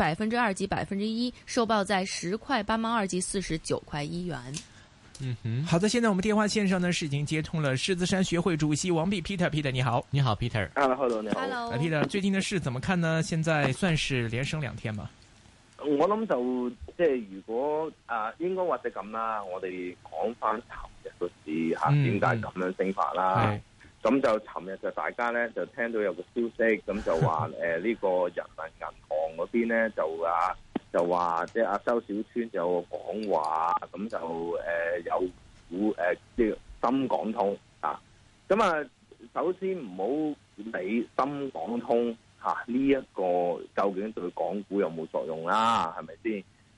百分之二及百分之一，收報在十塊八毛二及四十九塊一元。嗯哼，好的，現在我們電話線上呢是已經接通了獅子山學會主席王弼 Peter，Peter Peter, 你好，你好 Peter，Hello Hello 你好 Hello.，Peter，最近的事怎麼看呢？現在算是連升兩天嘛？我諗就即係如果啊、呃，應該話就咁啦，我哋講翻頭日個市吓，點解咁樣升法啦？嗯咁就尋日就大家咧就聽到有個消息，咁就話呢、呃呢個人民銀行嗰邊咧就啊就話即係阿周小川有個講話，咁就、呃、有股誒即、呃、深港通啊。咁啊，首先唔好理深港通呢一、啊呢個究竟對港股有冇作用啦，係咪先？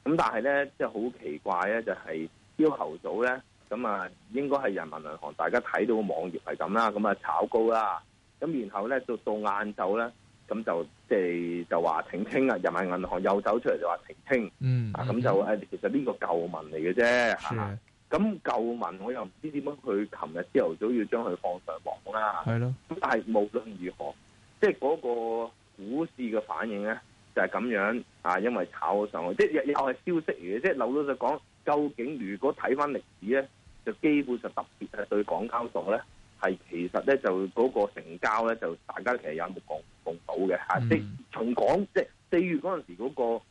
咁但係咧即係好奇怪咧，就係、是、朝頭早咧。咁啊，應該係人民銀行，大家睇到個網頁係咁啦，咁啊炒高啦，咁然後咧就到晏晝咧，咁就即係就話澄清啊！人民銀行又走出嚟就話澄清，清，嗯，啊咁就誒、嗯，其實呢個舊聞嚟嘅啫，咁、啊、舊聞我又唔知點樣佢琴日朝頭早要將佢放上網啦，係咯。咁但係無論如何，即係嗰個股市嘅反應咧，就係、是、咁樣啊，因為炒咗上去，即係又係消息嚟嘅，即係老老實講，究竟如果睇翻歷史咧？就基本上特別咧，對港交所咧，係其實咧就嗰個成交咧，就大家其實有目共共睹嘅嚇、mm. 啊。即係從港即係四月嗰陣時嗰個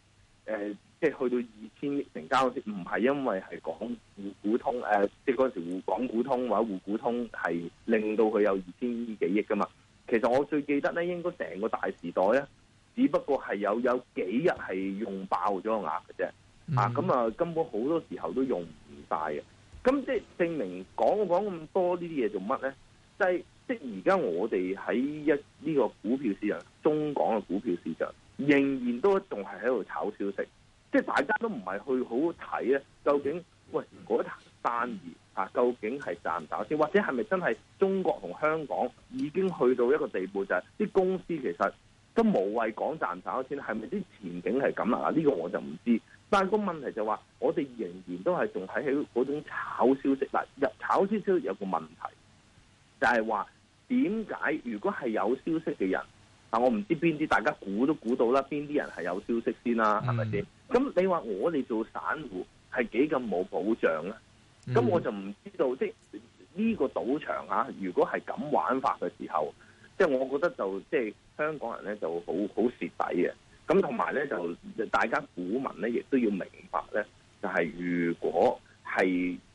即係去到二千億成交嗰時，唔係因為係港股通誒、呃，即係嗰陣時滬港股通或者滬股通係令到佢有二千幾億噶嘛。其實我最記得咧，應該成個大時代啊，只不過係有有幾日係用爆咗個額嘅啫。啊，咁啊，根本好多時候都用唔晒嘅。咁即係證明講講咁多東西做什麼呢？啲嘢做乜咧？即係即係而家我哋喺一呢個股票市場中，中港嘅股票市場仍然都仲係喺度炒消息，即係大家都唔係去好好睇咧，究竟喂嗰一生意啊究竟係賺唔賺到錢？或者係咪真係中國同香港已經去到一個地步，就係，就係啲公司其實都無謂講賺唔賺到錢，係咪啲前景係咁啊？呢、呢個我就唔知。但係個問題就話，我哋仍然都係仲睇起嗰種炒消息。嗱，炒消息有個問題，就係話點解如果係有消息嘅人，啊，我唔知邊啲，大家估都估到啦，邊啲人係有消息先啦、啊，係咪先？咁你話我哋做散戶係幾咁冇保障咧？咁我就唔知道，嗯、即係呢個賭場啊，如果係咁玩法嘅時候，即係我覺得就即係香港人咧就好好蝕底嘅。咁同埋咧，就大家股民咧，亦都要明白咧，就係、是、如果係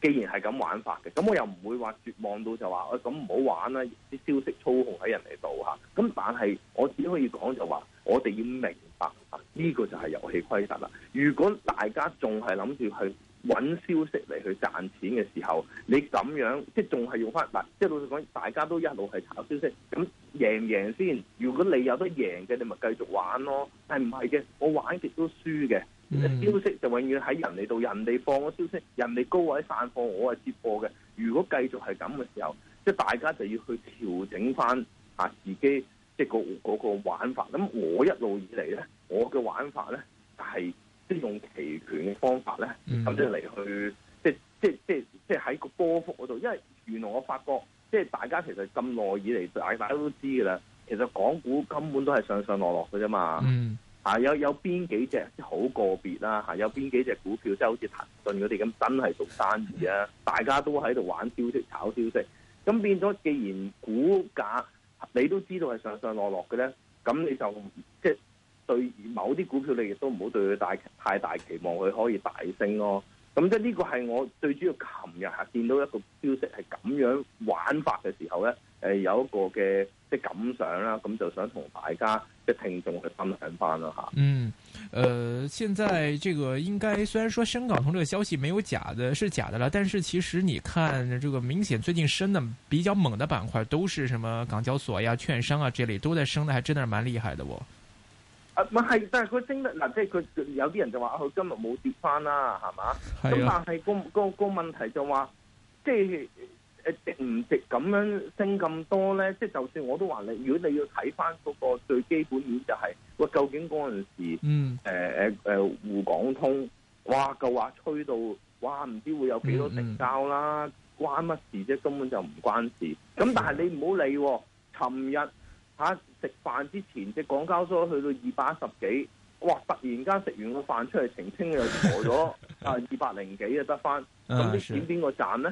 既然係咁玩法嘅，咁我又唔會話絕望到就話誒，咁唔好玩啦，啲消息操控喺人哋度吓，咁但係我只可以講就話、是、我哋要明白呢、這個就係遊戲規則啦。如果大家仲係諗住去，揾消息嚟去賺錢嘅時候，你咁樣即係仲係用翻嗱，即係老實講，大家都一路係查消息，咁贏唔贏先？如果你有得贏嘅，你咪繼續玩咯。但係唔係嘅，我玩極都輸嘅、嗯。消息就永遠喺人哋度，人哋放咗消息，人哋高位散貨，我係接貨嘅。如果繼續係咁嘅時候，即係大家就要去調整翻啊自己，即係嗰個玩法。咁我一路以嚟咧，我嘅玩法咧係，就係即用期權嘅方法咧，咁即係嚟去，嗯、即係即係即係即係喺個波幅嗰度。因為原來我發覺，即係大家其實咁耐以嚟，大家都知㗎啦。其實港股根本都係上上落落嘅啫嘛。嚇、嗯啊，有有邊幾隻即係好個別啦？嚇，有邊幾隻股票即係、就是、好似騰訊嗰啲咁，真係做生意啊！嗯、大家都喺度玩消息、炒消息。咁變咗，既然股價你都知道係上上落落嘅咧，咁你就即係。對某啲股票也，你亦都唔好對佢太大期望，佢可以大升咯、哦。咁即係呢個係我最主要琴日嚇見到一個消息係咁樣玩法嘅時候咧，誒有一個嘅即係感想啦，咁就想同大家即係聽眾去分享翻啦吓嗯，誒、呃，現在這個應該雖然說深港通呢個消息沒有假的，是假的啦，但是其實你看這個明顯最近升的比較猛的板塊，都是什麼港交所呀、券商啊這類，這裏都在升的，還真的是蠻厲害的喔、哦。啊，唔係，但係佢升得嗱，即係佢有啲人就話佢今日冇跌翻啦，係嘛？咁、啊、但係個個個問題就話，即係誒值唔值咁樣升咁多咧？即、就、係、是、就算我都話你，如果你要睇翻嗰個最基本點就係，哇，究竟嗰陣時，嗯、呃，誒誒誒，滬港通，哇，就話吹到，哇，唔知會有幾多成交啦？嗯嗯關乜事啫？根本就唔關事。咁但係你唔好理喎、哦，尋日。嚇、啊！食飯之前，隻港交所去到二百一十幾，哇！突然間食完個飯出嚟澄清又錯咗， 啊！二百零幾啊得翻，咁啲錢邊個賺呢？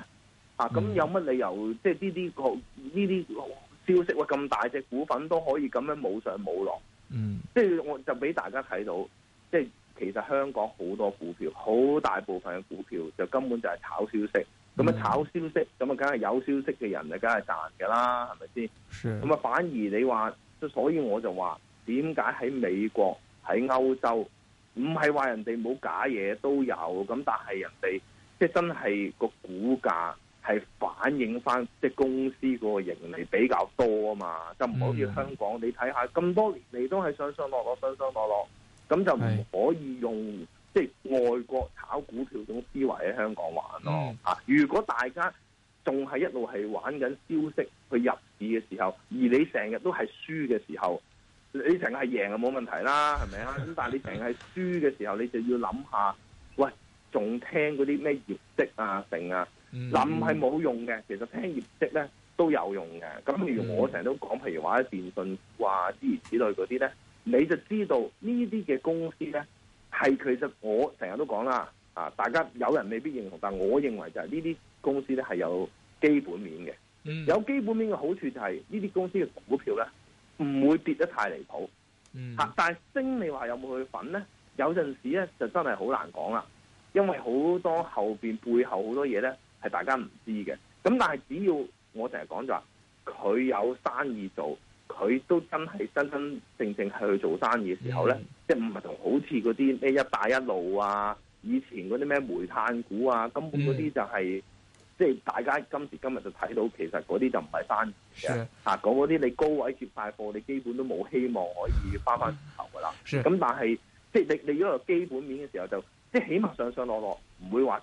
嚇、啊！咁有乜理由？嗯、即係呢啲呢啲消息，哇！咁大隻股份都可以咁樣冇上冇落，嗯，即係我就俾大家睇到，即係其實香港好多股票，好大部分嘅股票就根本就係炒消息。咁、嗯、啊炒消息，咁啊梗係有消息嘅人啊，梗係賺㗎啦，係咪先？咁啊反而你話，所以我就話點解喺美國喺歐洲，唔係話人哋冇假嘢都有，咁但係人哋即係真係個股價係反映翻即係公司嗰個盈利比較多啊嘛，就唔好似香港，嗯、你睇下咁多年嚟都係上上落落，上上落落，咁就唔可以用。即係外國炒股票種思維喺香港玩咯，嗯，啊！如果大家仲係一路係玩緊消息去入市嘅時候，而你成日都係輸嘅時候，你成日係贏啊冇問題啦，係咪啊？咁 但係你成日係輸嘅時候，你就要諗下，喂，仲聽嗰啲咩業績啊成啊，諗係冇用嘅。其實聽業績咧都有用嘅。咁例如我成日都講，譬如話喺電信、話之如此類嗰啲咧，你就知道呢啲嘅公司咧。係，其實我成日都講啦，啊，大家有人未必認同，但我認為就係呢啲公司咧係有基本面嘅，有基本面嘅好處就係呢啲公司嘅股票咧唔會，嗯、跌得太離譜，吓、嗯，但係升你話有冇去份咧？有陣時咧就真係好難講啦，因為好多後邊背後好多嘢咧係大家唔知嘅，咁但係只要我成日講就話佢有生意做。佢都真係真真正正係去做生意嘅時候咧，mm -hmm. 即係唔係同好似嗰啲咩一帶一路啊，以前嗰啲咩煤炭股啊，根本嗰啲就係、是 mm -hmm. 即係大家今時今日就睇到，其實嗰啲就唔係生意嘅。嚇講嗰啲你高位接快貨，你基本都冇希望可以翻翻頭噶啦。咁、mm -hmm. sure. 但係即係你你如果有基本面嘅時候就，就即係起碼上上落落唔會話。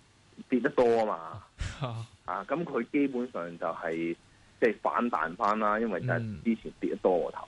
跌得多嘛？ 啊，咁佢基本上就係即係反彈翻啦，因為就係之前跌得多個頭。咁、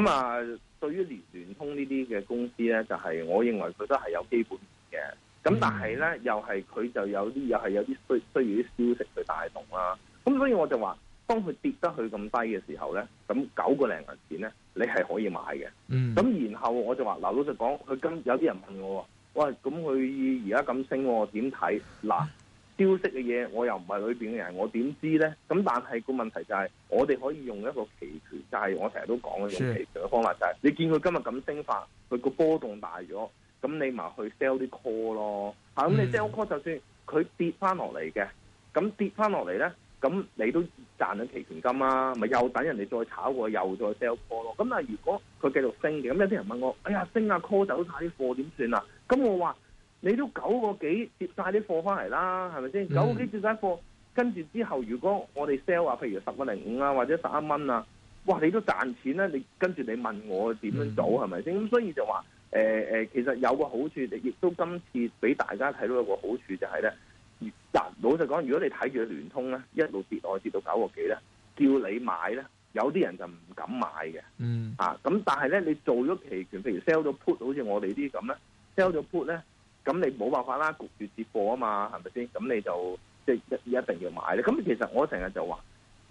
嗯嗯、啊，對於聯聯通呢啲嘅公司咧，就係、是、我認為佢都係有基本面嘅。咁但係咧、嗯，又係佢就有啲，又係有啲需需要啲消息去帶動啦、啊。咁所以我就話，當佢跌得去咁低嘅時候咧，咁九個零銀錢咧，你係可以買嘅。咁、嗯、然後我就話，嗱，老實講，佢今有啲人問我。喂，咁佢而家咁升，點睇？嗱，消息嘅嘢我又唔係裏邊嘅人，我點知咧？咁但係個問題就係、是，我哋可以用一個期權，就係、是、我成日都講嘅用期權嘅方法、就是，就係你見佢今日咁升法，佢個波動大咗，咁你咪去 sell 啲 call 咯。咁、嗯、你 sell call 就算佢跌翻落嚟嘅，咁跌翻落嚟咧，咁你都賺緊期權金啦，咪又等人哋再炒過又再 sell call 咯。咁但係如果佢繼續升嘅，咁有啲人問我，哎呀，升啊，call 走曬啲貨點算啊？咁我話你都九個幾接晒啲貨翻嚟啦，係咪先？九個幾接晒貨，跟住之後如果我哋 sell 啊，譬如十個零五啊，或者十一蚊啊，哇！你都賺錢啦。你跟住你問我點樣做，係咪先？咁所以就話誒誒，其實有個好處，亦都今次俾大家睇到一個好處就係、是、咧，嗱，老實講，如果你睇住聯通咧，一路跌我跌到九個幾咧，叫你買咧，有啲人就唔敢買嘅。嗯。吓、啊、咁，但係咧，你做咗期權，譬如 sell 咗 put，好似我哋啲咁咧。sell 咗 put 咧，咁你冇辦法啦，焗住接貨啊嘛，係咪先？咁你就即一一,一定要買咧。咁其實我成日就話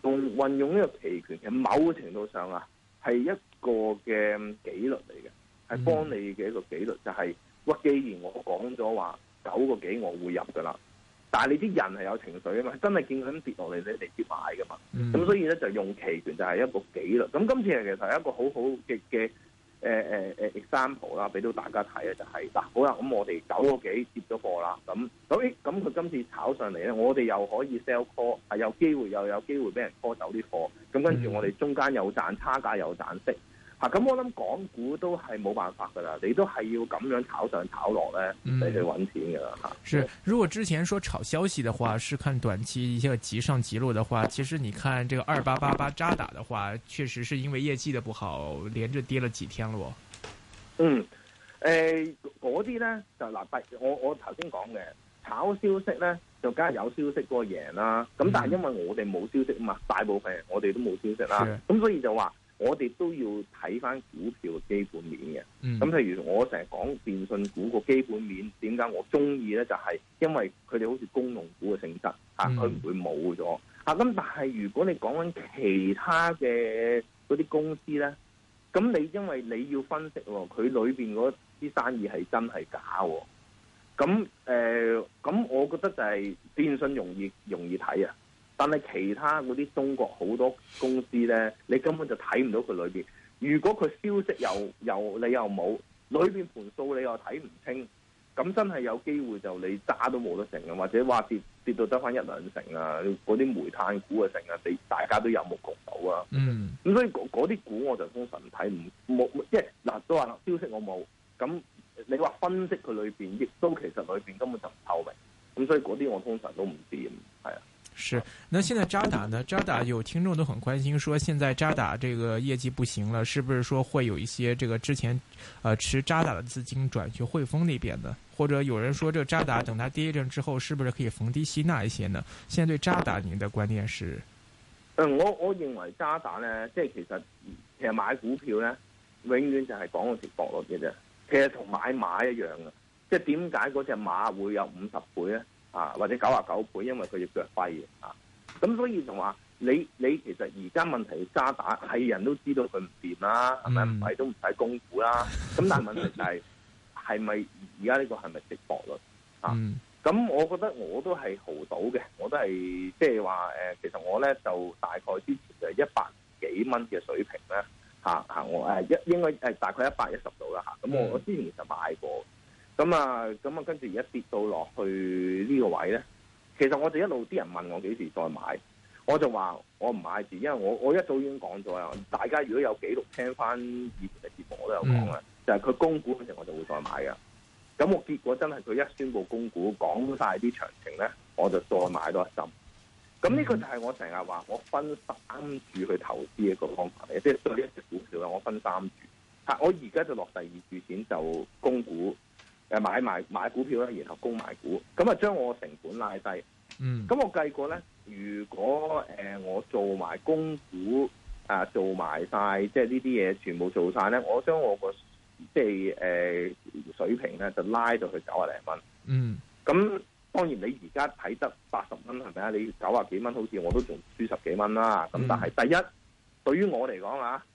用運用呢個期權嘅某程度上啊，係一個嘅紀律嚟嘅，係幫你嘅一個紀律，就係、是、喂，既然我講咗話九個幾，我會入噶啦。但係你啲人係有情緒啊嘛，真係見佢咁跌落嚟你直接買噶嘛。咁所以咧就用期權就係一個紀律。咁今次係其實係一個好好嘅嘅。example、呃、啦，俾到大家睇嘅就係、是、嗱，好啦，咁我哋走嗰幾個接咗貨啦，咁咁咁佢今次炒上嚟咧，我哋又可以 sell call，係有機會又有機會俾人 call 走啲貨，咁跟住我哋中間又賺差價又賺息。咁、啊、我諗港股都係冇辦法噶啦，你都係要咁樣炒上炒落咧、嗯、你哋搵錢噶啦吓。是、嗯，如果之前說炒消息的話，是看短期一個急上急落的話，其實你看這個二八八八渣打的話，確實是因為業績的不好，連着跌了幾天咯。嗯，誒、呃，嗰啲咧就嗱，我我頭先講嘅炒消息咧，就梗係有消息嗰個贏啦。咁但係因為我哋冇消息啊嘛、嗯，大部分我哋都冇消息啦，咁所以就話。我哋都要睇翻股票嘅基本面嘅，咁譬如我成日講電信股個基本面，點解我中意咧？就係、是、因為佢哋好似公用股嘅性質，吓佢唔會冇咗。啊，咁但係如果你講緊其他嘅嗰啲公司咧，咁你因為你要分析佢裏邊嗰啲生意係真係假的，咁誒，咁、呃、我覺得就係電信容易容易睇啊。但係其他嗰啲中國好多公司咧，你根本就睇唔到佢裏邊。如果佢消息又又你又冇，裏邊盤數你又睇唔清，咁真係有機會就你揸都冇得成啊！或者話跌跌到得翻一兩成啊，嗰啲煤炭股啊成啊，你大家都有目共睹啊！嗯，咁所以嗰啲股我就通常睇唔冇，即係嗱都話消息我冇，咁你話分析佢裏邊亦都其實裏邊根本就唔透明，咁所以嗰啲我通常都唔。那現在渣打呢？渣打有聽眾都很關心，說現在渣打這個業績不行了，是不是說會有一些這個之前，呃持渣打的資金轉去匯豐那邊呢？或者有人說，這渣打等它跌一陣之後，是不是可以逢低吸納一些呢？現在對渣打，您的觀念是？嗯、呃，我我認為渣打呢即係其實其實買股票呢永遠就係講個結果嘅啫。其實同買馬一樣嘅，即係點解嗰隻馬會有五十倍呢？啊，或者九啊九倍？因為佢要腳跛嘅啊。咁所以就話你你其實而家問題渣打係人都知道佢唔掂啦，係咪？唔係都唔使供股啦。咁但係問題就係係咪而家呢個係咪值博率？啊，咁、mm. 我覺得我都係豪賭嘅，我都係即係話誒，其實我咧就大概之前就係一百幾蚊嘅水平咧，嚇、啊、嚇我誒一應該誒大概一百一十度啦嚇。咁、啊、我我之前就實買過，咁啊咁啊，啊跟住而家跌到落去呢個位咧。其實我哋一路啲人問我幾時再買，我就話我唔買住。因為我我一早已經講咗啦。大家如果有記錄聽翻以前嘅節目，我都有講啦。就係佢供股嗰時，我就會再買㗎。咁我結果真係佢一宣布供股，講晒啲詳情咧，我就再買多一針。咁呢個就係我成日話我分三注去投資一個方法嚟，即係對呢一隻股票我分三注。吓，我而家就落第二注錢就供股。誒，買埋買股票啦，然後供埋股，咁啊將我成本拉低。嗯，咁我計過咧，如果誒、呃、我做埋供股啊、呃，做埋晒，即係呢啲嘢全部做晒咧，我將我個即係誒、呃、水平咧就拉到去九啊零蚊。嗯，咁當然你而家睇得八十蚊係咪啊？你九啊幾蚊，好似我都仲輸十幾蚊啦。咁、嗯、但係第一，對於我嚟講啊，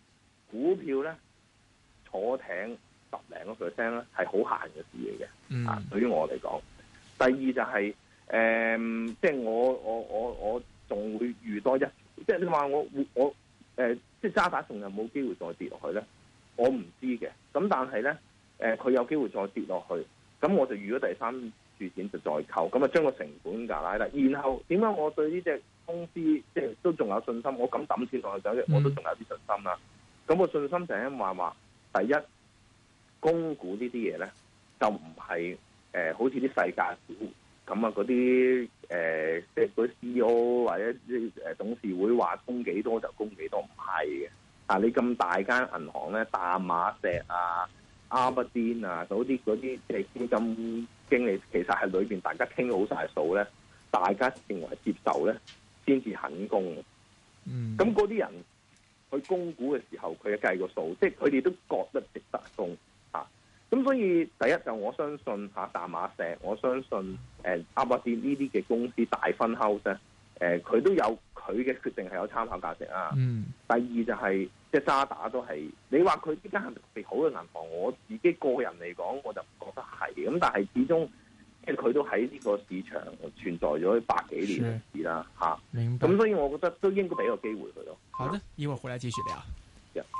股票咧坐艇十零個 percent 咧係好限嘅事嚟嘅，啊，對於我嚟講，第二就係、是、誒、嗯，即係我我我我仲會預多一，即係你話我我誒，即係渣打，仲有冇機會再跌落去咧，我唔知嘅。咁但係咧，誒佢有機會再跌落去、嗯、去，咁我就預咗第三注錢就再扣，咁啊將個成本架拉啦。然後點解我對呢隻公司即係都仲有信心？我敢抌錢落去走，我都仲有啲信心啦。咁個信心就係咁話話，第一。供股這些東西呢啲嘢咧，就唔係誒，好似啲世界股咁啊，嗰啲誒，即、呃、係嗰 CEO 或者啲誒、呃、董事會話供幾多就供幾多，唔係嘅。啊，你咁大間銀行咧，大馬石啊、阿不癲啊，嗰啲嗰啲即係基金經理，其實係裏邊大家傾好晒數咧，大家認為接受咧，先至肯供。嗯，咁嗰啲人去供股嘅時候，佢計個數，即係佢哋都覺得值得供。咁所以第一就是我相信嚇大馬石，我相信誒阿伯斯呢啲嘅公司大分敲咧，誒、呃、佢都有佢嘅決定係有參考價值啊。嗯。第二就係即係渣打都係，你話佢依家係特別好嘅銀行，我自己個人嚟講我就不覺得係。咁但係始終即佢都喺呢個市場存在咗百幾年嘅事啦，嚇。咁、啊、所以我覺得都應該俾個機會佢咯。好的，一、啊、會回來繼續聊。Yeah.